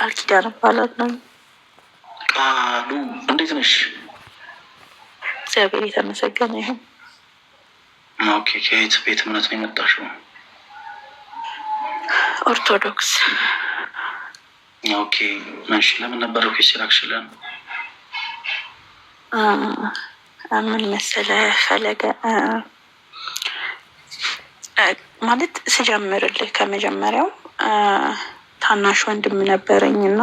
ቃል ኪዳን ባላት ነው። ቃሉ እንዴት ነሽ? እግዚአብሔር የተመሰገነ ይሁን። ኦኬ። ከየት ቤት እምነት ነው የመጣሽው? ኦርቶዶክስ። ኦኬ። እሺ፣ ለምን ነበረ ኩስ ምን መሰለ ፈለገ ማለት ስጀምርልህ ከመጀመሪያው ታናሽ ወንድም ነበረኝ እና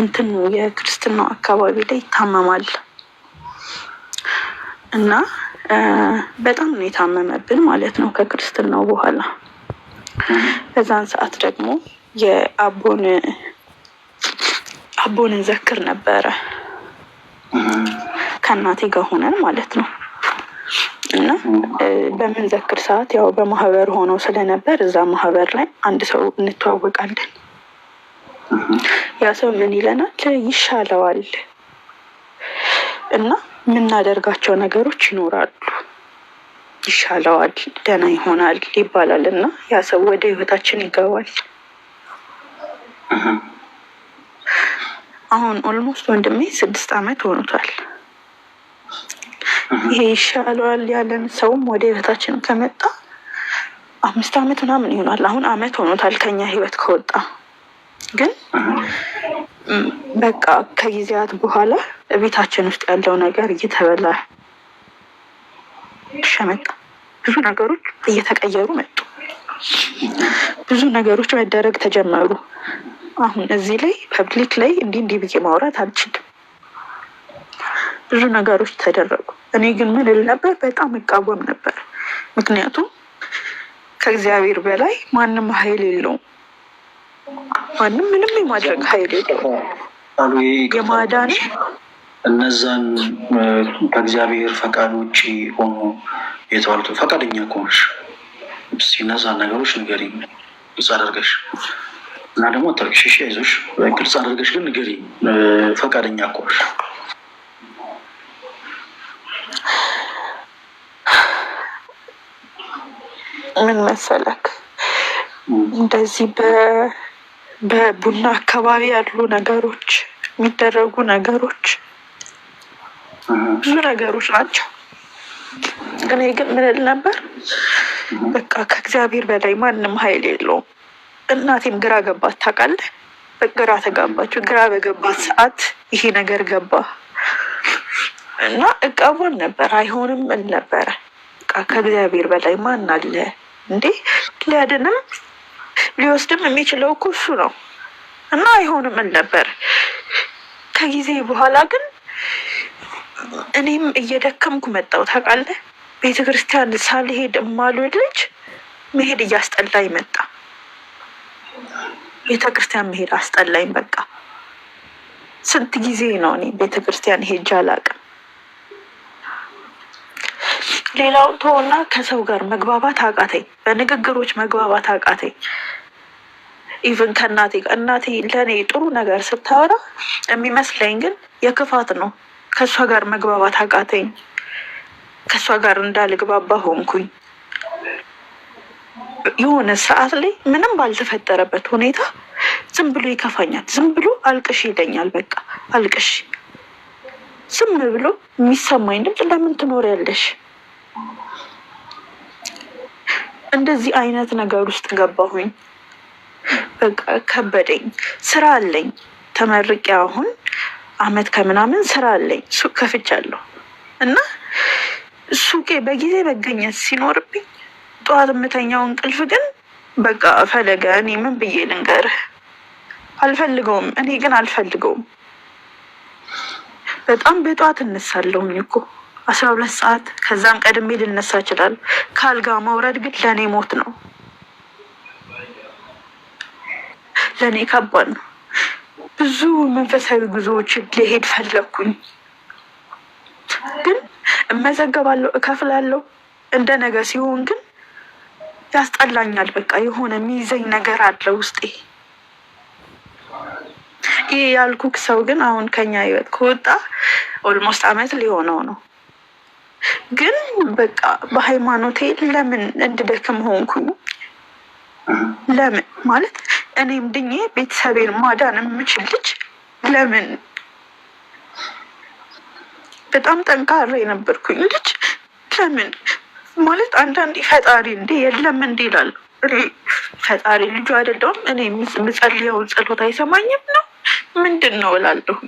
እንትን የክርስትናው አካባቢ ላይ ይታመማል እና በጣም ነው የታመመብን ማለት ነው ከክርስትናው በኋላ። በዛን ሰዓት ደግሞ የአቦን አቦን እንዘክር ነበረ ከእናቴ ጋር ሆነን ማለት ነው። እና በምንዘክር ሰዓት ያው በማህበር ሆኖ ስለነበር እዛ ማህበር ላይ አንድ ሰው እንተዋወቃለን። ያ ሰው ምን ይለናል? ይሻለዋል እና የምናደርጋቸው ነገሮች ይኖራሉ። ይሻለዋል፣ ደህና ይሆናል ይባላል እና ያ ሰው ወደ ህይወታችን ይገባል። አሁን ኦልሞስት ወንድሜ ስድስት አመት ሆኖታል። ይሄ ይሻለዋል ያለን ሰውም ወደ ህይወታችን ከመጣ አምስት አመት ምናምን ይሆናል። አሁን አመት ሆኖታል ከኛ ህይወት ከወጣ ግን በቃ ከጊዜያት በኋላ ቤታችን ውስጥ ያለው ነገር እየተበላ ሸመጣ ብዙ ነገሮች እየተቀየሩ መጡ። ብዙ ነገሮች መደረግ ተጀመሩ። አሁን እዚህ ላይ ፐብሊክ ላይ እንዲህ እንዲህ ብዬ ማውራት አልችልም። ብዙ ነገሮች ተደረጉ። እኔ ግን ምን እል ነበር? በጣም እቃወም ነበር። ምክንያቱም ከእግዚአብሔር በላይ ማንም ኃይል የለውም። ማንም ምንም የማድረግ ኃይል የለውም። የማዳን እነዛን ከእግዚአብሔር ፈቃድ ውጭ ሆኖ የተዋሉት ፈቃደኛ ከሆንሽ እነዛን ነገሮች ንገሪኝ ግልጽ አደርገሽ እና ደግሞ ተርክሽሽ አይዞሽ ግልጽ አደርገሽ ግን ንገሪ፣ ፈቃደኛ ከሆንሽ ምን መሰለክ እንደዚህ በቡና አካባቢ ያሉ ነገሮች የሚደረጉ ነገሮች ብዙ ነገሮች ናቸው። እኔ ግን ምን እል ነበር በቃ ከእግዚአብሔር በላይ ማንም ኃይል የለውም። እናቴም ግራ ገባት ታውቃለህ። በግራ ተጋባችሁ። ግራ በገባት ሰዓት ይሄ ነገር ገባ እና እቃቦን ነበር አይሆንም እል ነበረ ከእግዚአብሔር በላይ ማን አለ እንዴ ሊያድንም ሊወስድም የሚችለው እኮ እሱ ነው እና አይሆንም ነበር። ከጊዜ በኋላ ግን እኔም እየደከምኩ መጣሁ። ታውቃለህ፣ ቤተ ክርስቲያን ሳልሄድ የማልውል ልጅ መሄድ እያስጠላኝ መጣ። ቤተ ክርስቲያን መሄድ አስጠላኝ። በቃ ስንት ጊዜ ነው እኔ ቤተ ክርስቲያን ሄጄ አላውቅም። ሌላው ተወና ከሰው ጋር መግባባት አቃተኝ። በንግግሮች መግባባት አቃተኝ። ኢቨን ከእናቴ እናቴ ለእኔ ጥሩ ነገር ስታወራ የሚመስለኝ ግን የክፋት ነው። ከእሷ ጋር መግባባት አቃተኝ። ከእሷ ጋር እንዳልግባባ ሆንኩኝ። የሆነ ሰዓት ላይ ምንም ባልተፈጠረበት ሁኔታ ዝም ብሎ ይከፋኛል። ዝም ብሎ አልቅሽ ይለኛል። በቃ አልቅሽ ዝም ብሎ የሚሰማኝ ድምፅ ለምን ትኖሪያለሽ? እንደዚህ አይነት ነገር ውስጥ ገባሁኝ። በቃ ከበደኝ። ስራ አለኝ ተመርቄ አሁን አመት ከምናምን ስራ አለኝ። ሱቅ ከፍቻለሁ እና ሱቄ በጊዜ መገኘት ሲኖርብኝ ጠዋት የምተኛው እንቅልፍ ግን በቃ ፈለገ። እኔ ምን ብዬ ልንገርህ? አልፈልገውም። እኔ ግን አልፈልገውም። በጣም በጠዋት እነሳለሁኝ እኮ አስራ ሁለት ሰዓት ከዛም ቀድሜ ልነሳ ይችላል። ከአልጋ መውረድ ግን ለእኔ ሞት ነው። ለእኔ ከባድ ነው። ብዙ መንፈሳዊ ጉዞዎችን ሊሄድ ፈለግኩኝ፣ ግን እመዘገባለሁ፣ እከፍላለሁ። እንደ ነገ ሲሆን ግን ያስጠላኛል። በቃ የሆነ የሚይዘኝ ነገር አለ ውስጤ። ይህ ያልኩክ ሰው ግን አሁን ከኛ ህይወት ከወጣ ኦልሞስት አመት ሊሆነው ነው። ግን በቃ በሃይማኖቴ ለምን እንድደክም ሆንኩኝ? ለምን ማለት እኔም ድኜ ቤተሰቤን ማዳን የምችል ልጅ ለምን? በጣም ጠንካራ የነበርኩኝ ልጅ ለምን? ማለት አንዳንዴ ፈጣሪ እንዴ የለም እንዴ እላለሁ። እኔ ፈጣሪ ልጁ አይደለሁም? እኔ የምጸልየውን ጸሎት አይሰማኝም ነው ምንድን ነው እላለሁ።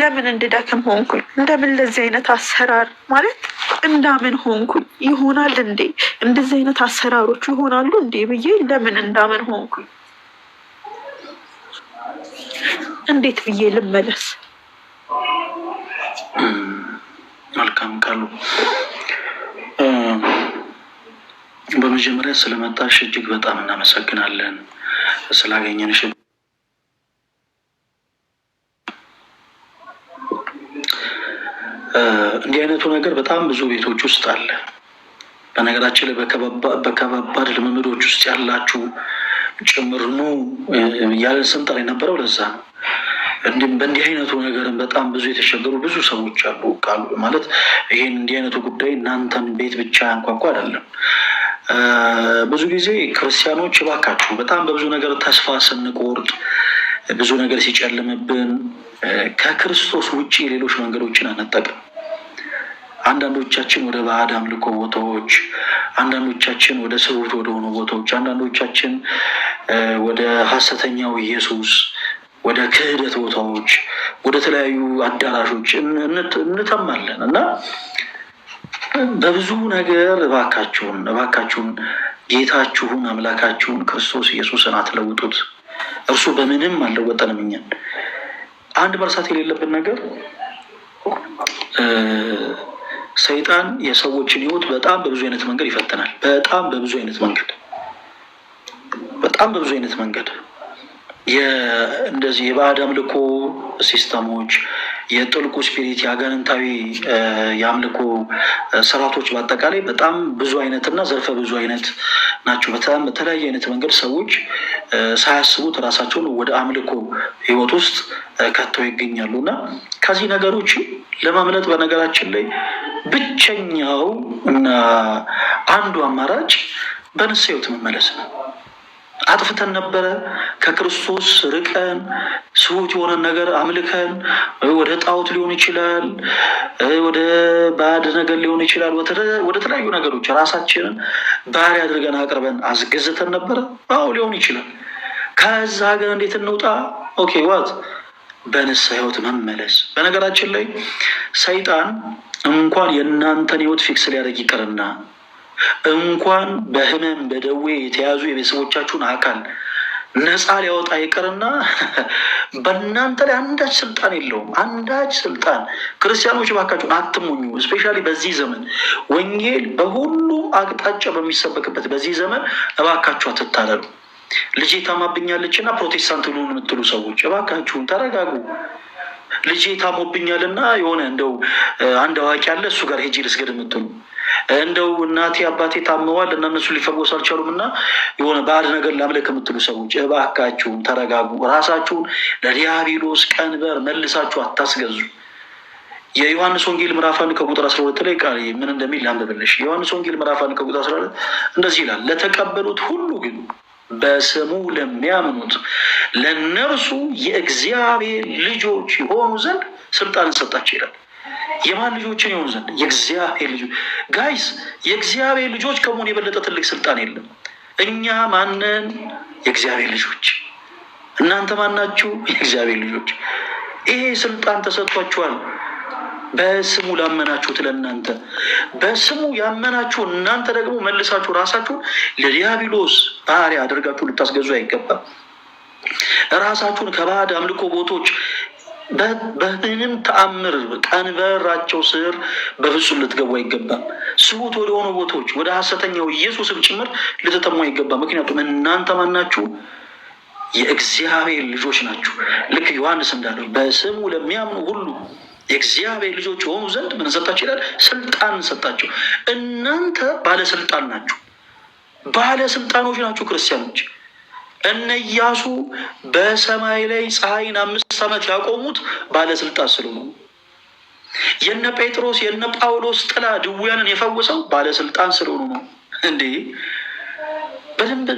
ለምን እንድደክም ሆንኩኝ? እንደምን ለዚህ አይነት አሰራር ማለት እንዳምን ሆንኩኝ? ይሆናል እንዴ? እንደዚህ አይነት አሰራሮች ይሆናሉ እንዴ ብዬ ለምን እንዳምን ሆንኩኝ? እንዴት ብዬ ልመለስ? መልካም ካሉ በመጀመሪያ ስለመጣሽ እጅግ በጣም እናመሰግናለን። ስላገኘንሽ እንዲህ አይነቱ ነገር በጣም ብዙ ቤቶች ውስጥ አለ። በነገራችን ላይ በከባባድ ልምምዶች ውስጥ ያላችሁ ጭምር ነው ያለን ስንጠር የነበረው ለዛ ነው። በእንዲህ አይነቱ ነገርን በጣም ብዙ የተቸገሩ ብዙ ሰዎች አሉ። ቃሉ ማለት ይህን እንዲህ አይነቱ ጉዳይ እናንተን ቤት ብቻ ያንኳኳ አይደለም። ብዙ ጊዜ ክርስቲያኖች እባካችሁ በጣም በብዙ ነገር ተስፋ ስንቆርጥ ብዙ ነገር ሲጨልምብን ከክርስቶስ ውጭ ሌሎች መንገዶችን አንጠቅም። አንዳንዶቻችን ወደ ባዕድ አምልኮ ቦታዎች፣ አንዳንዶቻችን ወደ ስሁት ወደሆኑ ቦታዎች፣ አንዳንዶቻችን ወደ ሀሰተኛው ኢየሱስ ወደ ክህደት ቦታዎች ወደ ተለያዩ አዳራሾች እንተማለን እና በብዙ ነገር እባካችሁን እባካችሁን ጌታችሁን አምላካችሁን ክርስቶስ ኢየሱስን አትለውጡት። እርሱ በምንም አልለወጠንም። እኛን አንድ መርሳት የሌለብን ነገር ሰይጣን የሰዎችን ህይወት በጣም በብዙ አይነት መንገድ ይፈትናል። በጣም በብዙ አይነት መንገድ በጣም በብዙ አይነት መንገድ እንደዚህ የባዕድ አምልኮ ሲስተሞች፣ የጥልቁ ስፒሪት፣ የአጋንንታዊ የአምልኮ ስርዓቶች በአጠቃላይ በጣም ብዙ አይነት እና ዘርፈ ብዙ አይነት ናቸው። በጣም በተለያየ አይነት መንገድ ሰዎች ሳያስቡት ራሳቸውን ወደ አምልኮ ህይወት ውስጥ ከተው ይገኛሉ እና ከዚህ ነገሮች ለማምለጥ በነገራችን ላይ ብቸኛው እና አንዱ አማራጭ በንስሐ ሕይወት መመለስ ነው። አጥፍተን ነበረ። ከክርስቶስ ርቀን ስሁት የሆነ ነገር አምልከን ወደ ጣዖት ሊሆን ይችላል፣ ወደ ባዕድ ነገር ሊሆን ይችላል፣ ወደ ተለያዩ ነገሮች ራሳችንን ባህሪ አድርገን አቅርበን አስገዝተን ነበረ። አዎ ሊሆን ይችላል። ከዛ ሀገር እንዴት እንውጣ? ኦኬ ዋት በንስሐ ህይወት መመለስ። በነገራችን ላይ ሰይጣን እንኳን የእናንተን ህይወት ፊክስ ሊያደርግ ይቅርና እንኳን በህመም በደዌ የተያዙ የቤተሰቦቻችሁን አካል ነፃ ሊያወጣ ይቅርና በእናንተ ላይ አንዳች ስልጣን የለውም። አንዳች ስልጣን ክርስቲያኖች ባካችሁን አትሞኙ። እስፔሻሊ በዚህ ዘመን ወንጌል በሁሉ አቅጣጫ በሚሰበክበት በዚህ ዘመን እባካችሁ አትታለሉ። ልጄ ታማብኛለች እና ፕሮቴስታንት ልሆን የምትሉ ሰዎች እባካችሁን ተረጋጉ። ልጄ ታሞብኛል እና የሆነ እንደው አንድ አዋቂ አለ እሱ ጋር ሄጄ ልስገድ የምትሉ እንደው እናቴ አባቴ ታመዋል እና እነሱ ሊፈወስ አልቻሉም እና የሆነ ባዕድ ነገር ላምለክ የምትሉ ሰዎች እባካችሁን ተረጋጉ። ራሳችሁን ለዲያብሎስ ቀንበር መልሳችሁ አታስገዙ። የዮሐንስ ወንጌል ምዕራፍ አንድ ከቁጥር አስራ ሁለት ላይ ቃል ምን እንደሚል ላንብብልሽ። የዮሐንስ ወንጌል ምዕራፍ አንድ ከቁጥር አስራ ሁለት እንደዚህ ይላል ለተቀበሉት ሁሉ ግን በስሙ ለሚያምኑት ለነርሱ የእግዚአብሔር ልጆች የሆኑ ዘንድ ስልጣንን ሰጣቸው ይላል። የማን ልጆችን የሆኑ ዘንድ? የእግዚአብሔር ልጆች። ጋይስ የእግዚአብሔር ልጆች ከመሆን የበለጠ ትልቅ ስልጣን የለም። እኛ ማንን? የእግዚአብሔር ልጆች። እናንተ ማናችሁ? የእግዚአብሔር ልጆች። ይሄ ስልጣን ተሰጥቷችኋል። በስሙ ላመናችሁት ለእናንተ በስሙ ያመናችሁ እናንተ ደግሞ መልሳችሁ ራሳችሁን ለዲያብሎስ ባሪያ አድርጋችሁ ልታስገዙ አይገባም። ራሳችሁን ከባዕድ አምልኮ ቦቶች በምንም ተአምር ቀንበራቸው ስር በፍጹም ልትገቡ አይገባም። ወደ ወደሆኑ ቦታዎች ወደ ሐሰተኛው ኢየሱስም ጭምር ልትጠሙ አይገባ። ምክንያቱም እናንተ ማናችሁ? የእግዚአብሔር ልጆች ናችሁ። ልክ ዮሐንስ እንዳለው በስሙ ለሚያምኑ ሁሉ የእግዚአብሔር ልጆች የሆኑ ዘንድ ምን ሰጣቸው ይላል? ስልጣን ሰጣቸው። እናንተ ባለስልጣን ናችሁ፣ ባለስልጣኖች ናችሁ ክርስቲያኖች። እነ እያሱ በሰማይ ላይ ፀሐይን አምስት ዓመት ያቆሙት ባለስልጣን ስለሆኑ የነ ጴጥሮስ የነ ጳውሎስ ጥላ ድውያንን የፈወሰው ባለስልጣን ስለሆኑ ነው። እንዴ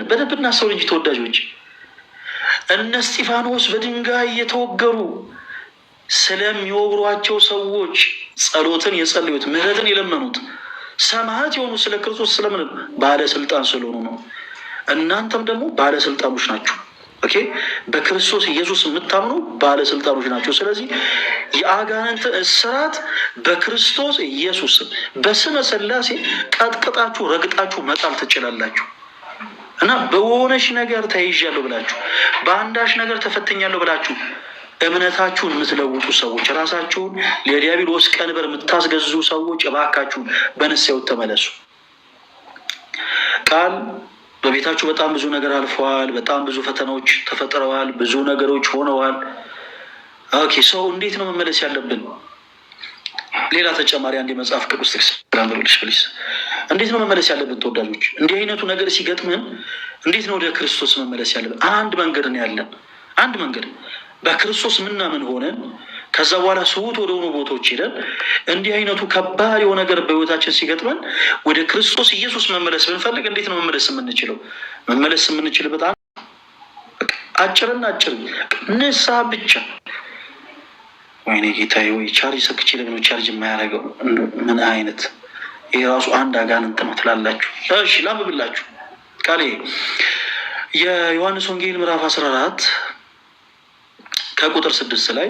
በደንብ እናስተውል እንጂ ተወዳጆች። እነ እስጢፋኖስ በድንጋይ የተወገሩ ስለሚወግሯቸው ሰዎች ጸሎትን የጸለዩት ምህረትን የለመኑት ሰማዕት የሆኑ ስለ ክርስቶስ ስለምን ባለስልጣን ስለሆኑ ነው። እናንተም ደግሞ ባለስልጣኖች ናቸው። ኦኬ በክርስቶስ ኢየሱስ የምታምኑ ባለስልጣኖች ናቸው። ስለዚህ የአጋንንት እስራት በክርስቶስ ኢየሱስ በስመ ሥላሴ ቀጥቅጣችሁ ረግጣችሁ መጣል ትችላላችሁ እና በሆነች ነገር ተይዣለሁ ብላችሁ በአንዳች ነገር ተፈትኛለሁ ብላችሁ እምነታችሁን የምትለውጡ ሰዎች፣ ራሳችሁን ለዲያብሎስ ቀንበር የምታስገዙ ሰዎች እባካችሁን በንስሐ ተመለሱ። ቃል በቤታችሁ በጣም ብዙ ነገር አልፈዋል። በጣም ብዙ ፈተናዎች ተፈጥረዋል። ብዙ ነገሮች ሆነዋል። ኦኬ ሰው እንዴት ነው መመለስ ያለብን? ሌላ ተጨማሪ አንድ የመጽሐፍ ቅዱስ ጥቅስ ፕሊስ። እንዴት ነው መመለስ ያለብን? ተወዳጆች እንዲህ አይነቱ ነገር ሲገጥምን እንዴት ነው ወደ ክርስቶስ መመለስ ያለብን? አንድ መንገድ ነው ያለን። አንድ መንገድ በክርስቶስ ምናምን ሆነን ከዛ በኋላ ስውት ወደ ሆኑ ቦታዎች ሄደን እንዲህ አይነቱ ከባድ የሆነ ነገር በህይወታችን ሲገጥመን ወደ ክርስቶስ ኢየሱስ መመለስ ብንፈልግ እንዴት ነው መመለስ የምንችለው? መመለስ የምንችል በጣም አጭርና አጭር ንስሐ ብቻ። ወይኔ ጌታዬ፣ ወይ ቻርጅ ሰክቼ ለምን ቻርጅ የማያደርገው? ምን አይነት ይሄ ራሱ አንድ አጋንንት ነው ትላላችሁ። እሺ ላምብላችሁ ቃሌ የዮሐንስ ወንጌል ምዕራፍ አስራ አራት ከቁጥር ስድስት ላይ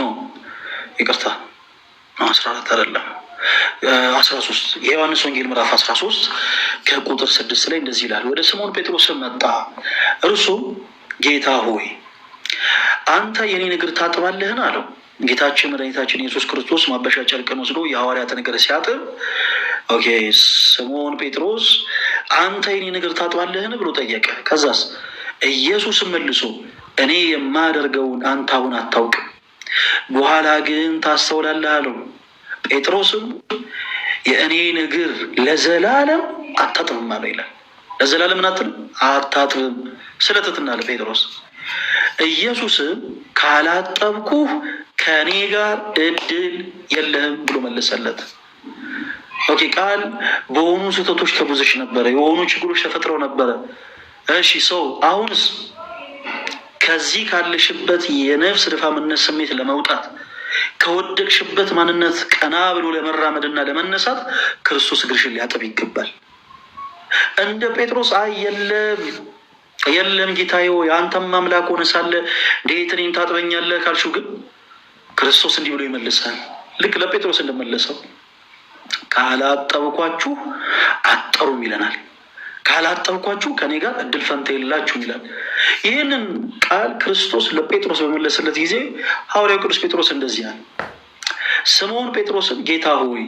ኖ ይቅርታ አስራ አራት አይደለም አስራ ሶስት የዮሐንስ ወንጌል ምዕራፍ አስራ ሶስት ከቁጥር ስድስት ላይ እንደዚህ ይላል። ወደ ስምዖን ጴጥሮስም መጣ፣ እርሱም ጌታ ሆይ አንተ የኔን እግር ታጥባለህን? አለው። ጌታችን መድኃኒታችን ኢየሱስ ክርስቶስ ማበሻ ጨርቅን ወስዶ የሐዋርያትን እግር ሲያጥብ ኦኬ ስምዖን ጴጥሮስ አንተ የኔን እግር ታጥባለህን ብሎ ጠየቀ። ከዛስ ኢየሱስ መልሶ እኔ የማደርገውን አንተ አሁን አታውቅም፣ በኋላ ግን ታስተውላለህ አለው። ጴጥሮስም የእኔን እግር ለዘላለም አታጥብም አለው ይላል። ለዘላለም ናትን አታጥብም። ስለትትና ጴጥሮስ ኢየሱስም ካላጠብኩህ ከእኔ ጋር እድል የለህም ብሎ መለሰለት። ቃል በሆኑ ስህተቶች ተጉዘሽ ነበረ፣ የሆኑ ችግሮች ተፈጥረው ነበረ። እሺ ሰው አሁንስ ከዚህ ካለሽበት የነፍስ ድፋምነት ስሜት ለመውጣት ከወደቅሽበት ማንነት ቀና ብሎ ለመራመድና ለመነሳት ክርስቶስ እግርሽን ሊያጥብ ይገባል። እንደ ጴጥሮስ አይ የለም የለም ጌታዬ የአንተም አምላክ ሆነ ሳለ እንዴት እኔን ታጥበኛለህ ካልሽው ግን ክርስቶስ እንዲህ ብሎ ይመልሳል ልክ ለጴጥሮስ እንደመለሰው ካላጠብኳችሁ አጠሩም ይለናል። ካላጠብኳችሁ ከኔ ጋር እድል ፈንታ የላችሁ ይላል። ይህንን ቃል ክርስቶስ ለጴጥሮስ በመለሰለት ጊዜ ሐዋርያው ቅዱስ ጴጥሮስ እንደዚህ ያለ ስምዖን ጴጥሮስን ጌታ ሆይ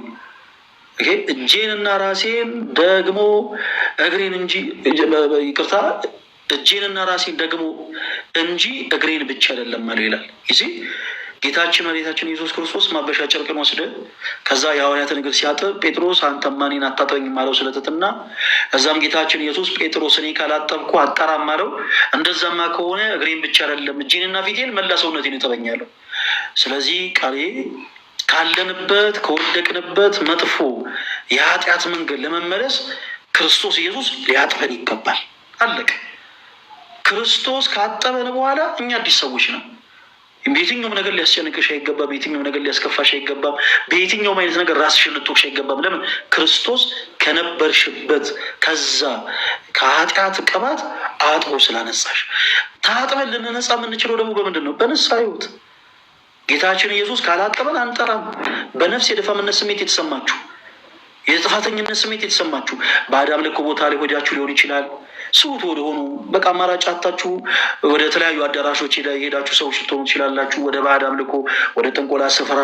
እጄንና ራሴን ደግሞ እግሬን እንጂ ይቅርታ እጄንና ራሴን ደግሞ እንጂ እግሬን ብቻ አይደለም አለው ይላል። ጌታችን መቤታችን ኢየሱስ ክርስቶስ ማበሻ ጨርቅን ወስደ ከዛ የሐዋርያትን እግር ሲያጥብ ጴጥሮስ አንተማ እኔን አታጥበኝም አለው ስለትትና ከዛም ጌታችን ኢየሱስ ጴጥሮስ እኔ ካላጠብኩ አጠራም አለው። እንደዛማ ከሆነ እግሬን ብቻ አይደለም እጄንና ፊቴን መላ ሰውነቴን እጠበኛለሁ። ስለዚህ ቃሌ ካለንበት ከወደቅንበት መጥፎ የኃጢአት መንገድ ለመመለስ ክርስቶስ ኢየሱስ ሊያጥበን ይገባል። አለቀ። ክርስቶስ ካጠበን በኋላ እኛ አዲስ ሰዎች ነው። በየትኛውም ነገር ሊያስጨንቅሽ አይገባም። በየትኛውም ነገር ሊያስከፋሽ አይገባም። በየትኛውም አይነት ነገር ራስሽን ልትወቅሽ አይገባም። ለምን ክርስቶስ ከነበርሽበት ከዛ ከኃጢአት ቅባት አጥቦ ስላነሳሽ። ታጥበን ልንነጻ የምንችለው ደግሞ በምንድን ነው? በንስሐ ሕይወት ጌታችን ኢየሱስ ካላጠበን አንጠራም። በነፍስ የደፋምነት ስሜት የተሰማችሁ የጥፋተኝነት ስሜት የተሰማችሁ በአዳም ልክ ቦታ ላይ ሆዳችሁ ሊሆን ይችላል ስውት ወደ ሆኑ በቃ አማራጭ አታችሁ ወደ ተለያዩ አዳራሾች የሄዳችሁ ሰዎች ስትሆኑ ትችላላችሁ። ወደ ባዕድ አምልኮ፣ ወደ ጥንቆላ ስፍራ፣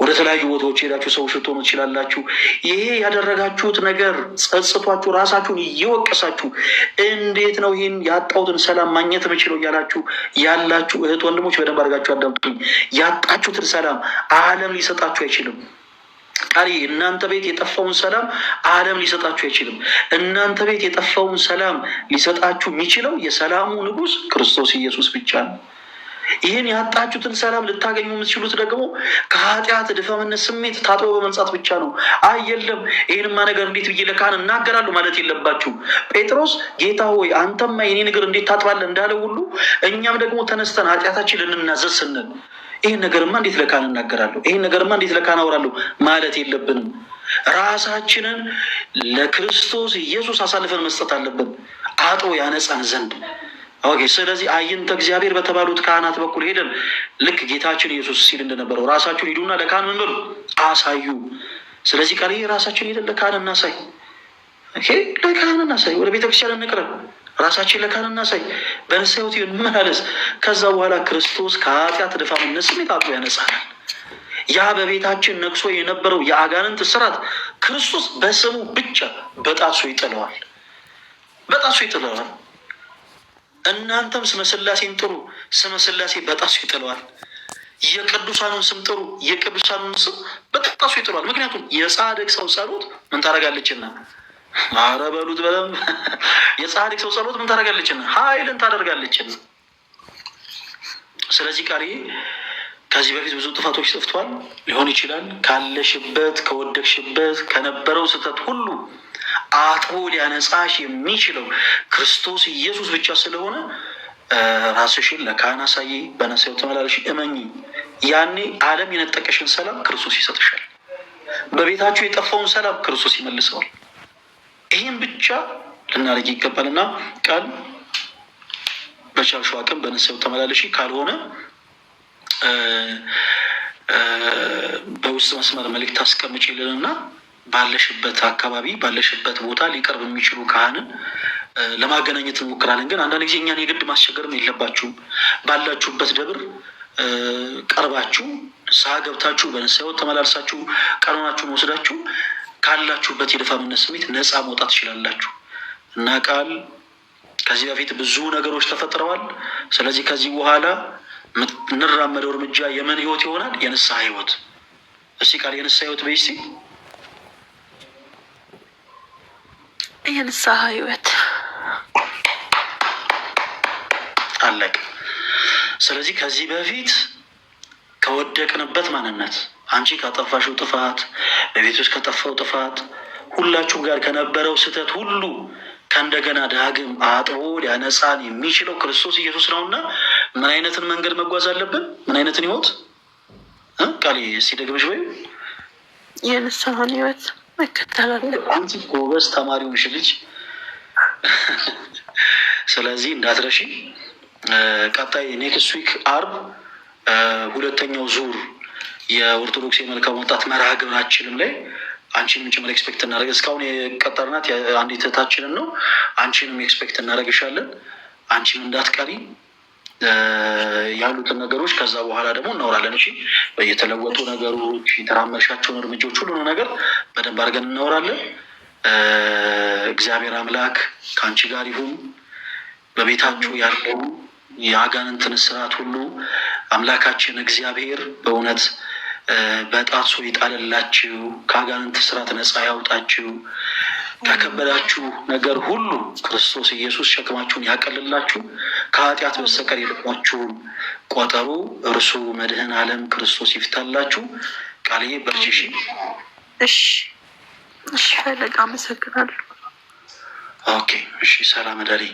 ወደ ተለያዩ ቦታዎች የሄዳችሁ ሰው ስትሆኑ ትችላላችሁ። ይሄ ያደረጋችሁት ነገር ጸጽቷችሁ፣ ራሳችሁን እየወቀሳችሁ እንዴት ነው ይህን ያጣሁትን ሰላም ማግኘት የምችለው እያላችሁ ያላችሁ እህት ወንድሞች በደንብ አድርጋችሁ አዳምጡኝ። ያጣችሁትን ሰላም ዓለም ሊሰጣችሁ አይችልም። ፈጣሪ እናንተ ቤት የጠፋውን ሰላም ዓለም ሊሰጣችሁ አይችልም። እናንተ ቤት የጠፋውን ሰላም ሊሰጣችሁ የሚችለው የሰላሙ ንጉሥ ክርስቶስ ኢየሱስ ብቻ ነው። ይህን ያጣችሁትን ሰላም ልታገኙ የምትችሉት ደግሞ ከኃጢአት ድፈምነት ስሜት ታጥቦ በመንጻት ብቻ ነው። አይ የለም ይህንማ ነገር እንዴት ብዬ ለካህን እናገራለሁ ማለት የለባችሁ ጴጥሮስ ጌታ ሆይ አንተማ የኔ ነገር እንዴት ታጥባለህ እንዳለ ሁሉ እኛም ደግሞ ተነስተን ኃጢአታችን ልንናዘዝ ስንል ይህን ነገርማ እንዴት ለካን እናገራለሁ፣ ይህን ነገርማ እንዴት ለካን አወራለሁ ማለት የለብንም። ራሳችንን ለክርስቶስ ኢየሱስ አሳልፈን መስጠት አለብን፣ አጥሮ ያነጻን ዘንድ። ኦኬ። ስለዚህ አይንተ እግዚአብሔር በተባሉት ካህናት በኩል ሄደን ልክ ጌታችን ኢየሱስ ሲል እንደነበረው ራሳችሁን ሂዱና ለካህን ምን በሉ አሳዩ። ስለዚህ ቀሪ ራሳችን ሄደን ለካህን እናሳይ፣ ለካህን እናሳይ፣ ወደ ቤተክርስቲያን እንቅረብ። ራሳችን ለካን እናሳይ፣ በንስሐ ሕይወት እንመላለስ። ከዛ በኋላ ክርስቶስ ከኃጢአት ድፋምነት ስሜት አጥቦ ያነጻናል። ያ በቤታችን ነግሶ የነበረው የአጋንንት ስርዓት ክርስቶስ በስሙ ብቻ በጣሱ ይጥለዋል፣ በጣሱ ይጥለዋል። እናንተም ስመ ሥላሴን ጥሩ፣ ስመ ሥላሴ በጣሱ ይጥለዋል። የቅዱሳኑን ስም ጥሩ፣ የቅዱሳኑን ስም በጣሱ ይጥለዋል። ምክንያቱም የጻድቅ ሰው ጸሎት ምን ታደርጋለችና አረ በሉት በደምብ። የጻድቅ ሰው ጸሎት ምን ታደርጋለችን? ኃይልን ታደርጋለችን። ስለዚህ ቀሪ ከዚህ በፊት ብዙ ጥፋቶች ጠፍቷል ሊሆን ይችላል። ካለሽበት ከወደቅሽበት ከነበረው ስህተት ሁሉ አጥቦ ሊያነጻሽ የሚችለው ክርስቶስ ኢየሱስ ብቻ ስለሆነ ራስሽን ለካህን አሳይ፣ በነሳው ተመላለሽ፣ እመኝ። ያኔ ዓለም የነጠቀሽን ሰላም ክርስቶስ ይሰጥሻል። በቤታችሁ የጠፋውን ሰላም ክርስቶስ ይመልሰዋል። ይህን ብቻ ልናደርግ ይገባልና ቃል በቻልሽው አቅም በንስብ ተመላለሽ። ካልሆነ በውስጥ መስመር መልእክት አስቀምጪልንና ባለሽበት አካባቢ ባለሽበት ቦታ ሊቀርብ የሚችሉ ካህንን ለማገናኘት እንሞክራለን። ግን አንዳንድ ጊዜ እኛን የግድ ማስቸገርም የለባችሁም። ባላችሁበት ደብር ቀርባችሁ ንስሐ ገብታችሁ ተመላልሳችሁ ቀኖናችሁን ወስዳችሁ ካላችሁበት የድካምነት ስሜት ነፃ መውጣት ትችላላችሁ እና ቃል ከዚህ በፊት ብዙ ነገሮች ተፈጥረዋል። ስለዚህ ከዚህ በኋላ እንራመደው እርምጃ የምን ህይወት ይሆናል? የንስሐ ህይወት። እስቲ ቃል የንስሐ ህይወት በይ እስቲ። የንስሐ ህይወት አለቅ። ስለዚህ ከዚህ በፊት ከወደቅንበት ማንነት አንቺ ካጠፋሽው ጥፋት፣ ውስጥ ከጠፋው ጥፋት፣ ሁላችሁ ጋር ከነበረው ስህተት ሁሉ ከእንደገና ዳግም አጥቦ ሊያነጻን የሚችለው ክርስቶስ ኢየሱስ ነውና ምን አይነትን መንገድ መጓዝ አለብን? ምን አይነትን ህይወት ቃል ሲደግምሽ ወይም የንስሐን ህይወት መከተል አንቺ ጎበዝ ተማሪውንሽ ልጅ ስለዚህ እንዳትረሺ። ቀጣይ ኔክስት ዊክ አርብ ሁለተኛው ዙር የኦርቶዶክስ የመልካም ወጣት መርሃ ግብራችንም ላይ አንቺንም ጭምር ኤክስፔክት እናደረግ እስካሁን የቀጠርናት አንዲት እህታችንን ነው። አንቺንም ኤክስፔክት እናደረግሻለን። አንቺን እንዳትቀሪ ያሉትን ነገሮች ከዛ በኋላ ደግሞ እናወራለን። እሺ፣ የተለወጡ ነገሮች፣ የተራመሻቸውን እርምጃዎች፣ ሁሉን ነገር በደንብ አድርገን እናወራለን። እግዚአብሔር አምላክ ከአንቺ ጋር ይሁን። በቤታችሁ ያለው የአጋንንትን ስርዓት ሁሉ አምላካችን እግዚአብሔር በእውነት በጣሶ ይጣልላችሁ፣ ከአጋንንት ስራት ነፃ ያውጣችሁ፣ ከከበዳችሁ ነገር ሁሉ ክርስቶስ ኢየሱስ ሸክማችሁን ያቀልላችሁ፣ ከኃጢአት በስተቀር የልቅሟችሁን ቆጠሩ፣ እርሱ መድህን ዓለም ክርስቶስ ይፍታላችሁ። ቃልዬ በርቺሽ። እሺ፣ እሺ፣ ፈለግ አመሰግናለሁ። ኦኬ፣ እሺ፣ ሰላም እደሪ።